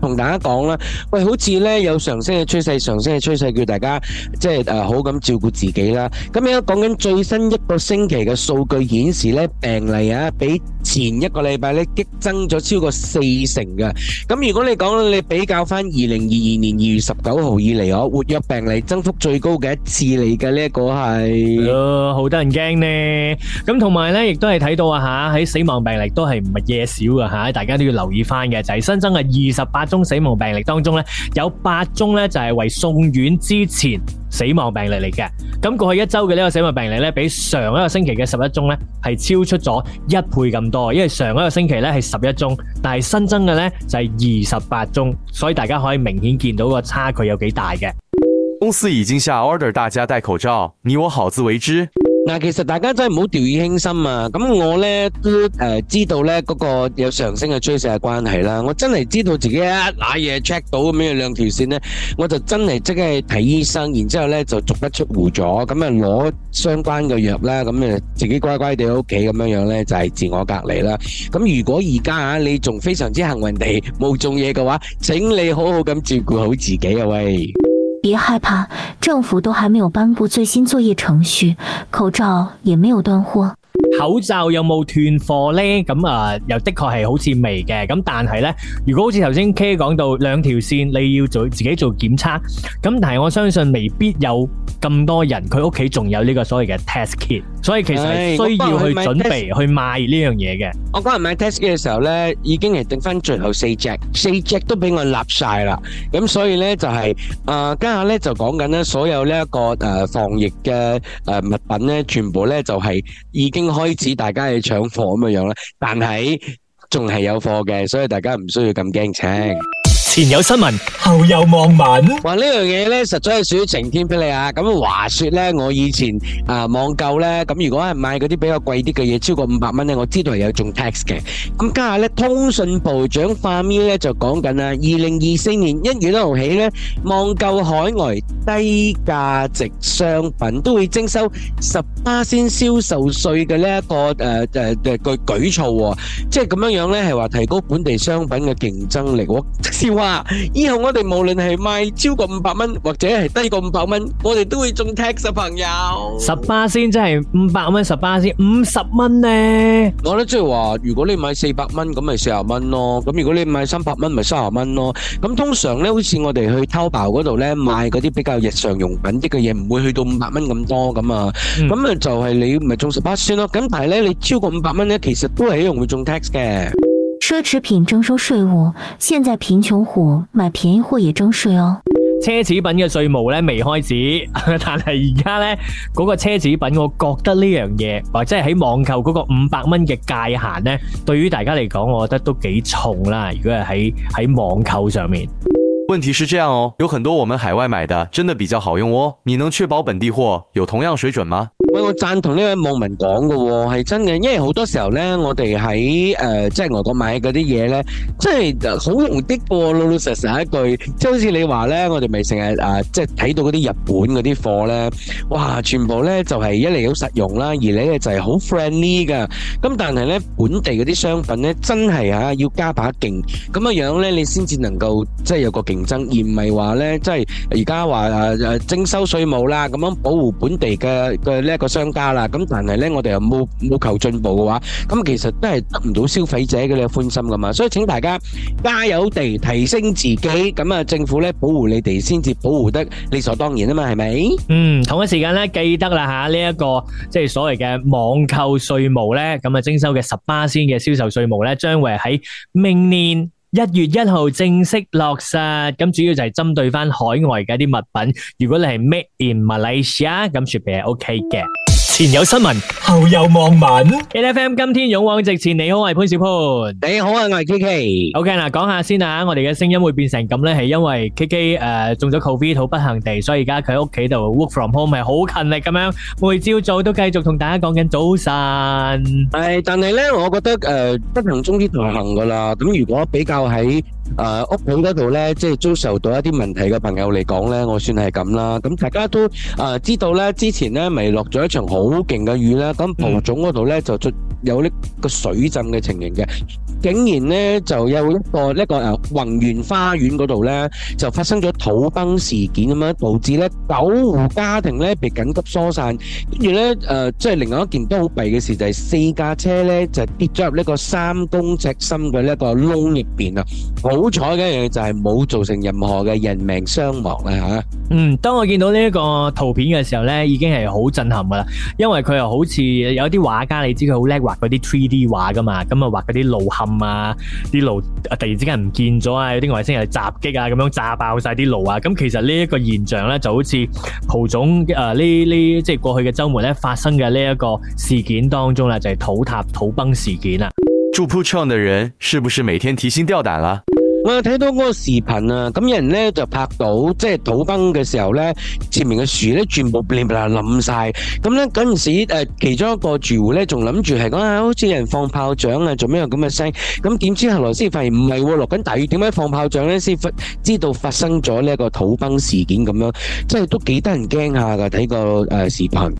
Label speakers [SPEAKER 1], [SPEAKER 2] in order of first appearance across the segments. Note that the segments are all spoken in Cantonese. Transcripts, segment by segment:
[SPEAKER 1] 同大家講啦，喂，好似咧有上升嘅趨勢，上升嘅趨勢，叫大家即係誒好咁照顧自己啦。咁而家講緊最新一個星期嘅數據顯示咧，病例啊比前一個禮拜咧激增咗超過四成㗎。咁如果你講你比較翻二零二二年二月十九號以嚟，我活躍病例增幅最高嘅一次嚟嘅呢一個係，啊好得人驚咧。咁同
[SPEAKER 2] 埋咧亦都係睇到啊吓，喺死亡病例都係唔係嘢少噶吓，大家都要留意翻嘅就係新增啊二十。八宗死亡病例當中咧，有八宗咧就係為送院之前死亡病例嚟嘅。咁過去一周嘅呢個死亡病例咧，比上一個星期嘅十一宗咧係超出咗一倍咁多。因為上一個星期咧係十一宗，但係新增嘅咧就係二十八宗，所以大家可以明顯見到個差距有幾大嘅。
[SPEAKER 1] 公司已經下 order，大家戴口罩，你我好自為之。嗱，其實大家真係唔好掉以輕心啊！咁我呢都誒、呃、知道呢嗰、那個有上升嘅趨勢嘅關係啦。我真係知道自己一攋嘢 check 到咁樣兩條線呢，我就真係即刻去睇醫生，然之後咧就足不出戶咗，咁啊攞相關嘅藥啦，咁啊自己乖乖地喺屋企咁樣樣呢，就係、是、自我隔離啦。咁、嗯、如果而家啊你仲非常之幸運地冇中嘢嘅話，請你好好咁照顧好自己啊喂！
[SPEAKER 2] 別害怕，政府都還沒有頒布最新作業程序，口罩也沒有斷貨。口罩有冇斷貨咧？咁啊，又的確係好似未嘅。咁但係咧，如果好似頭先 K 講到兩條線，你要做自己做檢測，咁但係我相信未必有咁多人，佢屋企仲有呢個所謂嘅 test kit。所以其實係需要去準備去
[SPEAKER 1] 買呢樣嘢嘅。我今日買 test kit 嘅時候咧，已經係淨翻最後四隻，四隻都俾我立曬啦。咁所以咧就係，誒，家下咧就講緊咧所有呢一個誒防疫嘅誒物品咧，全部咧就係已經開。開始大家去搶貨咁嘅樣啦，但係仲係有貨嘅，所以大家唔需要咁驚青。前有新聞，後有網民。話呢樣嘢咧，實在係屬於晴天霹靂啊！咁話說咧，我以前啊，網購咧，咁如果係買嗰啲比較貴啲嘅嘢，超過五百蚊咧，我知道係有種 tax 嘅。咁家下咧，通訊部長法米咧就講緊啦，二零二四年一月一號起咧，網購海外低價值商品都會徵收十八先銷售稅嘅呢一個誒誒誒個舉措，即係咁樣樣咧係話提高本地商品嘅競爭力。我先話。以後我哋無論係買超過五百蚊，或者係低過五百蚊，我哋都會中 tax，朋友十
[SPEAKER 2] 巴仙即係
[SPEAKER 1] 五百蚊十巴仙，五十蚊咧。我咧即係話，如果你買四百蚊，咁咪四十蚊咯；咁如果你買三百蚊，咪三十蚊咯。咁通常咧，好似我哋去偷爆嗰度咧，買嗰啲比較日常用品啲嘅嘢，唔會去到五百蚊咁多咁啊。咁啊，嗯、就係你唔係中十巴仙咯。咁但係咧，你超過五百蚊咧，其實都係一樣會中 tax 嘅。奢侈品徵收稅務，
[SPEAKER 2] 現在貧窮戶買便宜貨也徵稅哦。奢侈品嘅稅務咧未開始，但係而家呢嗰、嗰個奢侈品，我覺得呢樣嘢，或者係喺網購嗰個五百蚊嘅界限呢，對於大家嚟講，我覺得都幾重啦。如果係喺
[SPEAKER 1] 喺網購上面。
[SPEAKER 2] 問題是這樣哦，有很多我們海外買的真的比較好用哦。你能確保本地貨有同樣水準嗎？
[SPEAKER 1] 喂，我贊同呢位網民講嘅喎，係真嘅。因為好多時候呢，我哋喺誒即係外國買嗰啲嘢呢，即係好容易啲嘅，哦。老老實實一句，即係好似你話呢，我哋咪成日誒即係睇到嗰啲日本嗰啲貨呢，哇，全部呢就係、是、一嚟好實用啦，二嚟咧就係好 friendly 㗎。咁但係呢，本地嗰啲商品呢，真係啊要加把勁咁嘅樣咧，你先至能夠即係有個勁。競爭而唔係話咧，即係而家話誒誒徵收稅務啦，咁樣保護本地嘅嘅呢一個商家啦。咁但係咧，我哋又冇冇求進步嘅話，咁其實都係得唔到消費者嘅呢個歡心噶嘛。所以請大家加油地提升自己。咁啊，政府咧保護你哋，先至保護得理所當然啊嘛，係咪？嗯，
[SPEAKER 2] 同一時間咧，記得啦吓，呢一個即係所謂嘅網購稅務咧，咁啊徵收嘅十巴仙嘅銷售稅務咧，將會喺明年。一月一號正式落實，咁主要就係針對翻海外嘅一啲物品。如果你係 made in Malaysia，咁絕對係 OK 嘅。前有新聞，後有網民。L F M 今天勇往直前，你好，我係潘小潘，你好啊，我係 K K。好嘅，嗱講下先啊，我哋嘅聲音會變成咁咧，係因為 K K 誒中咗 COVID，好不幸地，所以而家佢喺屋企度 work from home，係好勤力咁樣，每朝早都繼續同大家講緊早晨。
[SPEAKER 1] 係，但係咧，我覺得誒，不幸中之大幸噶啦。咁如果比較喺誒屋企嗰度咧，即係遭受到一啲問題嘅朋友嚟講咧，我算係咁啦。咁大家都誒知道咧，之前咧咪落咗一場好。好勁嘅雨啦，咁蒲種嗰度咧就出有呢個水浸嘅情形嘅。竟然咧就有一個一個誒宏源花園嗰度咧就發生咗土崩事件咁樣，導致咧九戶家庭咧被緊急疏散。跟住咧誒，即係另外一件都好弊嘅事就係四架車咧就跌咗入呢個三公尺深嘅一個窿入邊啊！好彩嘅一樣嘢就係冇造成任何嘅人命傷亡咧嚇。嗯，
[SPEAKER 2] 當我見到呢一個圖片嘅時候咧，已經係好震撼噶啦，因為佢又好似有啲畫家，你知佢好叻畫嗰啲 3D 畫噶嘛，咁啊畫嗰啲路口。啊！啲爐啊，突然之間唔見咗啊！有啲外星人襲擊啊，咁樣炸爆晒啲爐啊！咁其實呢一個現象咧，就好似蒲種誒呢呢即係過去嘅周末咧發生嘅呢一個事件當中咧，就係、是、土塌土崩事件啊！
[SPEAKER 1] 住鋪創嘅人是不是每天提心吊膽啦？我睇到嗰個視頻啊，咁有人咧就拍到即係土崩嘅時候咧，前面嘅樹咧全部冧晒，咁咧嗰陣時誒、呃，其中一個住戶咧仲諗住係講啊，好似有人放炮仗啊，做咩咁嘅聲？咁點知後來先發現唔係喎，落緊大雨，點解放炮仗咧？先知道發生咗呢一個土崩事件咁樣，即係都幾得人驚下噶。睇、這個誒、呃、視頻。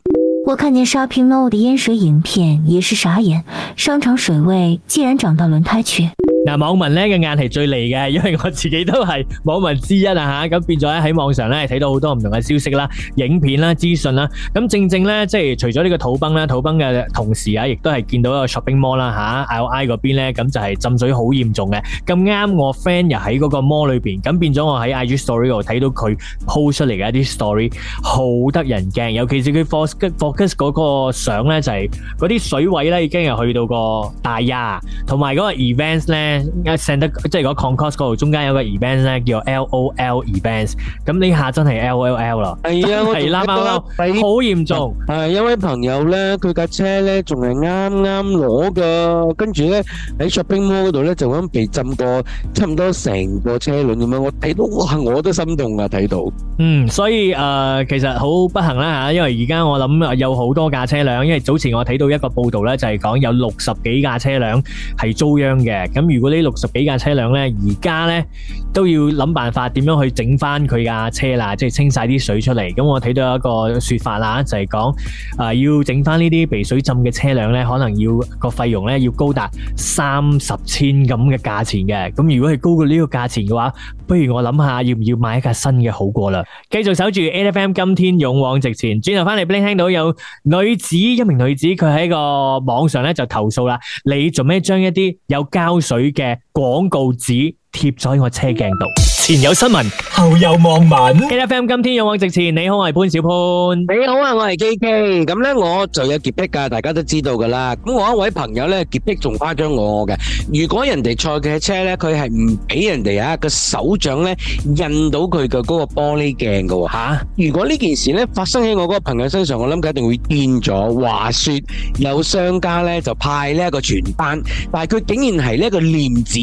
[SPEAKER 2] 我看見沙坪路的淹水影片也是傻眼，商場水位竟然漲到輪胎區。嗱，網民咧嘅眼係最利嘅，因為我自己都係網民之一啊嚇，咁變咗喺網上咧睇到好多唔同嘅消息啦、影片啦、資訊啦。咁正正咧，即係，除咗呢個土崩咧，土崩嘅同時啊，亦都係見到一個 shopping mall 啦嚇，IOI 嗰邊咧，咁就係浸水好嚴重嘅。咁啱，我 friend 又喺嗰個 mall 裏邊，咁變咗我喺 IG story 度睇到佢 post 出嚟嘅一啲 story，好得人驚。尤其是佢 focus focus 嗰個相咧，就係嗰啲水位咧已經又去到個大丫，同埋嗰個 events 咧。send 得即係嗰個 concourse 嗰度中間有個 event 咧叫 LOL event，咁呢下真係 L L L 啦，係啊係啦貓貓，
[SPEAKER 1] 好嚴重。係一位朋友咧，佢架車咧仲係啱啱攞嘅，跟住咧喺 shopping mall 嗰度咧就咁被浸過，差唔多成個車輪咁樣。我睇到哇，我都心動噶睇到。嗯，
[SPEAKER 2] 所以誒，其實好不幸啦吓，因為而家我諗有好多架車輛，因為早前我睇到一個報道咧，就係講有六十幾架車輛係遭殃嘅。咁如果呢六十幾架車輛咧，而家咧都要諗辦法點樣去整翻佢架車啦，即係清晒啲水出嚟。咁我睇到有一個說法啦，就係講啊，要整翻呢啲被水浸嘅車輛咧，可能要個費用咧要高達三十千咁嘅價錢嘅。咁如果係高過呢個價錢嘅話，不如我諗下要唔要買一架新嘅好過啦。繼續守住 A F M，今天勇往直前。轉頭翻嚟，bling 聽到有女子一名女子，佢喺個網上咧就投訴啦。你做咩將一啲有膠水？佢嘅廣告紙，貼咗喺我車鏡度，前有新聞，後有網民。KFM 今天勇往直前，你好，我係潘
[SPEAKER 1] 小潘。你好啊，我係 KK。咁咧，我就有潔癖噶，大家都知道噶啦。咁我一位朋友咧，潔癖仲誇張我嘅。如果人哋坐嘅車咧，佢係唔俾人哋啊個手掌咧印到佢嘅嗰個玻璃鏡噶吓。如果呢件事咧發生喺我嗰個朋友身上，我諗佢一定會癲咗。話說有商家咧就派呢一個傳單，但係佢竟然係呢一個蓮子，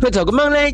[SPEAKER 1] 佢就咁樣咧。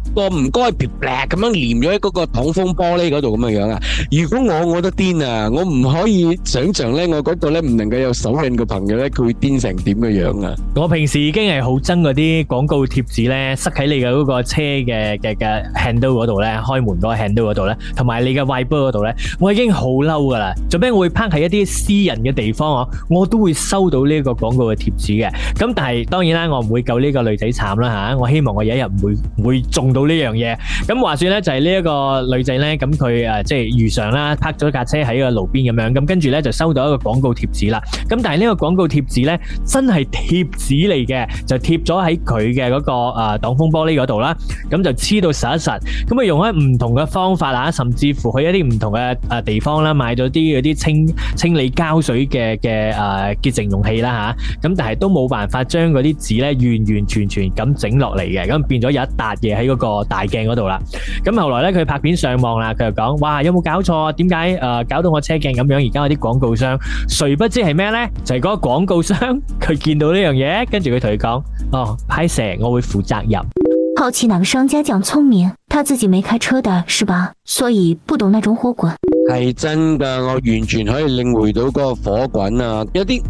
[SPEAKER 1] 個唔該，black 咁樣黏咗喺嗰個擋風玻璃嗰度咁嘅樣啊！如果我我都癲啊，我唔可以想象咧，我嗰度咧唔能夠有手印嘅朋友咧，佢會癲成點嘅樣啊！
[SPEAKER 2] 我平時已經係好憎嗰啲廣告貼紙咧，塞喺你嘅嗰個車嘅嘅嘅 handle 嗰度咧，開門嗰個 handle 嗰度咧，同埋你嘅 wiper 嗰度咧，我已經好嬲噶啦！做咩我會泊喺一啲私人嘅地方哦？我都會收到呢個廣告嘅貼紙嘅，咁但係當然啦，我唔會救呢個女仔慘啦吓，我希望我有一日唔會唔會中到。呢樣嘢咁話算咧，就係呢一個女仔咧，咁佢誒即係遇上啦，泊咗架車喺個路邊咁樣，咁跟住咧就收到一個廣告貼紙啦。咁但係呢個廣告貼紙咧，真係貼紙嚟嘅，就貼咗喺佢嘅嗰個誒擋風玻璃嗰度啦。咁就黐到實一實，咁啊用喺唔同嘅方法啊，甚至乎去一啲唔同嘅誒地方啦，買咗啲嗰啲清清理膠水嘅嘅誒潔淨容器啦吓。咁但係都冇辦法將嗰啲紙咧完完全全咁整落嚟嘅，咁變咗有一笪嘢喺嗰個。個大鏡度啦，咁後來咧佢拍片上網啦，佢就講：，哇，有冇搞錯？點解誒搞到我車鏡咁樣？而家有啲廣告商，誰不知係咩呢？就係、是、嗰個廣告商，佢見到呢樣嘢，跟住佢同佢講：，哦，拍攝我會負責任。好似那個商家講聰明，他自己沒開車的是吧？所以不懂那種火滾。
[SPEAKER 1] 係真噶，我完全可以領會到個火滾啊！有啲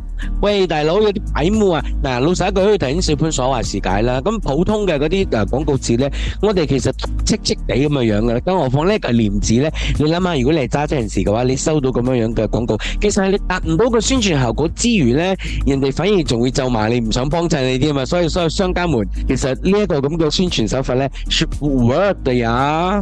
[SPEAKER 1] 喂大佬，有啲歹妹啊！嗱，老實一句可以提小潘所話是解啦。咁普通嘅嗰啲誒廣告紙咧，我哋其實戚戚地咁樣樣噶啦，更何況呢個廉紙咧？你諗下，如果你係揸車人士嘅話，你收到咁樣樣嘅廣告，其實係你達唔到個宣傳效果之餘咧，人哋反而仲會就埋你，唔想幫襯你啲啊嘛！所以，所有商家們，其實呢一個咁嘅宣傳手法咧，說唔 work 嘅呀。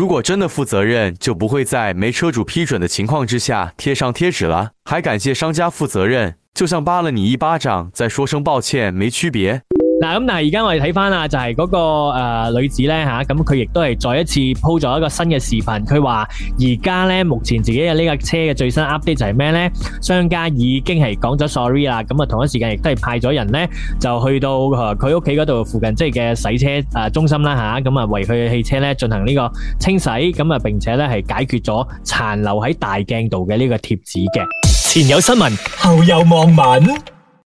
[SPEAKER 1] 如果真的負責任，就不會在沒車主批准的情況
[SPEAKER 2] 之下貼上貼紙了。還感謝商家負責任，就像扇了你一巴掌，再說聲抱歉，沒區別。嗱，咁但係而家我哋睇翻啦，就係嗰個誒女子咧吓，咁佢亦都係再一次 po 咗一個新嘅視頻。佢話而家咧目前自己嘅呢架車嘅最新 update 就係咩咧？商家已經係講咗 sorry 啦，咁啊同一時間亦都係派咗人咧，就去到誒佢屋企嗰度附近即係嘅洗車誒中心啦吓，咁啊為佢嘅汽車咧進行呢個清洗，咁啊並且咧係解決咗殘留喺大鏡度嘅呢個貼紙嘅。前有新聞，後有網民。